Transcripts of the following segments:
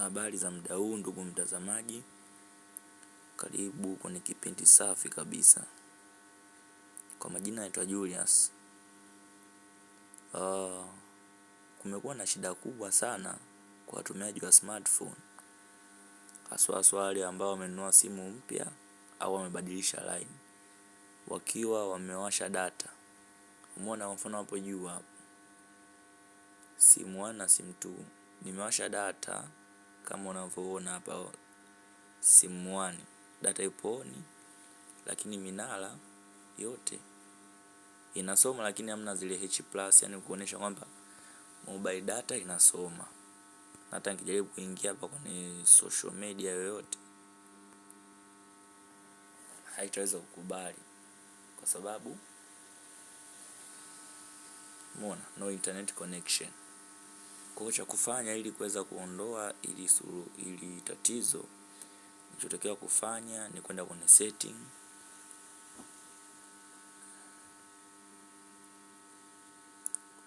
Habari za muda huu ndugu mtazamaji, karibu kwenye kipindi safi kabisa. Kwa majina naitwa Julius. Uh, kumekuwa na shida kubwa sana kwa watumiaji wa smartphone, haswa haswa wale ambao wamenunua simu mpya au wamebadilisha line wakiwa wamewasha data. Umeona kwa mfano hapo juu hapo, simu 1 na simu 2 nimewasha data kama unavyoona hapa simu data ipo on, lakini minara yote inasoma, lakini hamna zile H plus, yani kuonesha kwamba mobile data inasoma. Hata nikijaribu kuingia hapa kwenye social media yoyote haitaweza kukubali kwa sababu Mona, no internet connection. Kwa cha kufanya ili kuweza kuondoa ili suru ili tatizo, nilichotakiwa kufanya ni kwenda kwenye setting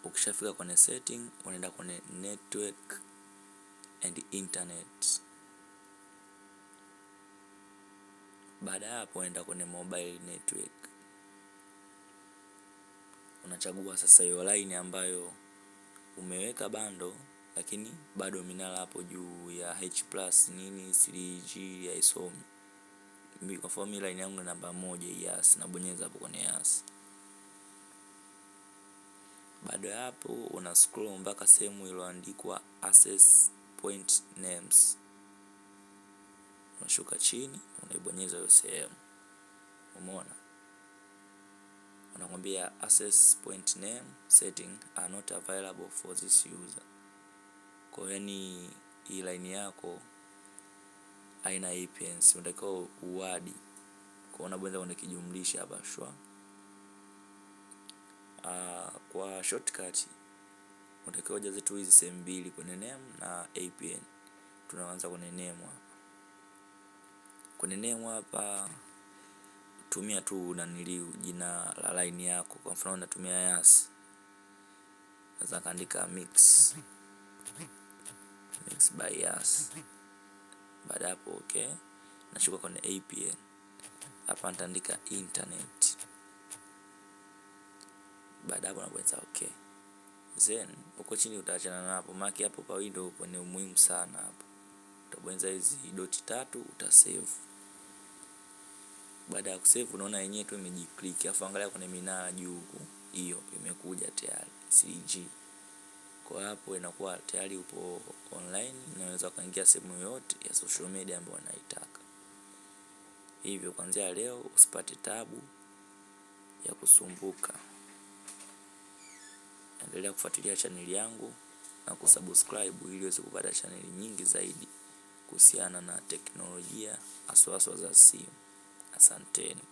Ukishafika kwenye setting unaenda kwenye network and internet. Baada ya hapo, unaenda kwenye mobile network, unachagua sasa hiyo line ambayo umeweka bando lakini bado minara hapo juu ya H nini 3G haisomi. Kwa formula line yangu namba moja yes, nabonyeza hapo kwenye yes. Baada ya hapo una scroll mpaka sehemu iliyoandikwa access point names, unashuka chini unaibonyeza hiyo sehemu, umeona wanakwambia access point name setting are not available for this user. Kwa hiyo yani hii line yako haina APNs, unatakiwa uadi kwa unabweza kwenda kijumlisha hapa shwa. Uh, kwa shortcut unatakiwa ujaze tu hizi sehemu mbili kwenye name na APN. Tunaanza kwenye name hapa, kwenye name hapa tumia tu nanili jina la line yako. Kwa mfano natumia Yas, naweza kaandika mix mix by Yas. Baada hapo okay, nashuka kwenye APN hapa nitaandika internet. Baada hapo nabonyeza okay, then huko chini utaachana na hapo maki hapo, kwa window hapo ni umuhimu sana hapo, utabonyeza hizi doti tatu utasave baada ya kusave unaona yenyewe tu imejiclick, afu angalia kuna minara juu huku, hiyo imekuja tayari 3G. Kwa hapo inakuwa tayari upo online, unaweza kuingia sehemu yoyote ya social media ambayo unaitaka. Hivyo kuanzia leo usipate tabu ya kusumbuka. Endelea kufuatilia chaneli yangu na kusubscribe ili uweze kupata chaneli nyingi zaidi kuhusiana na teknolojia aswaswa za simu. Asanteni.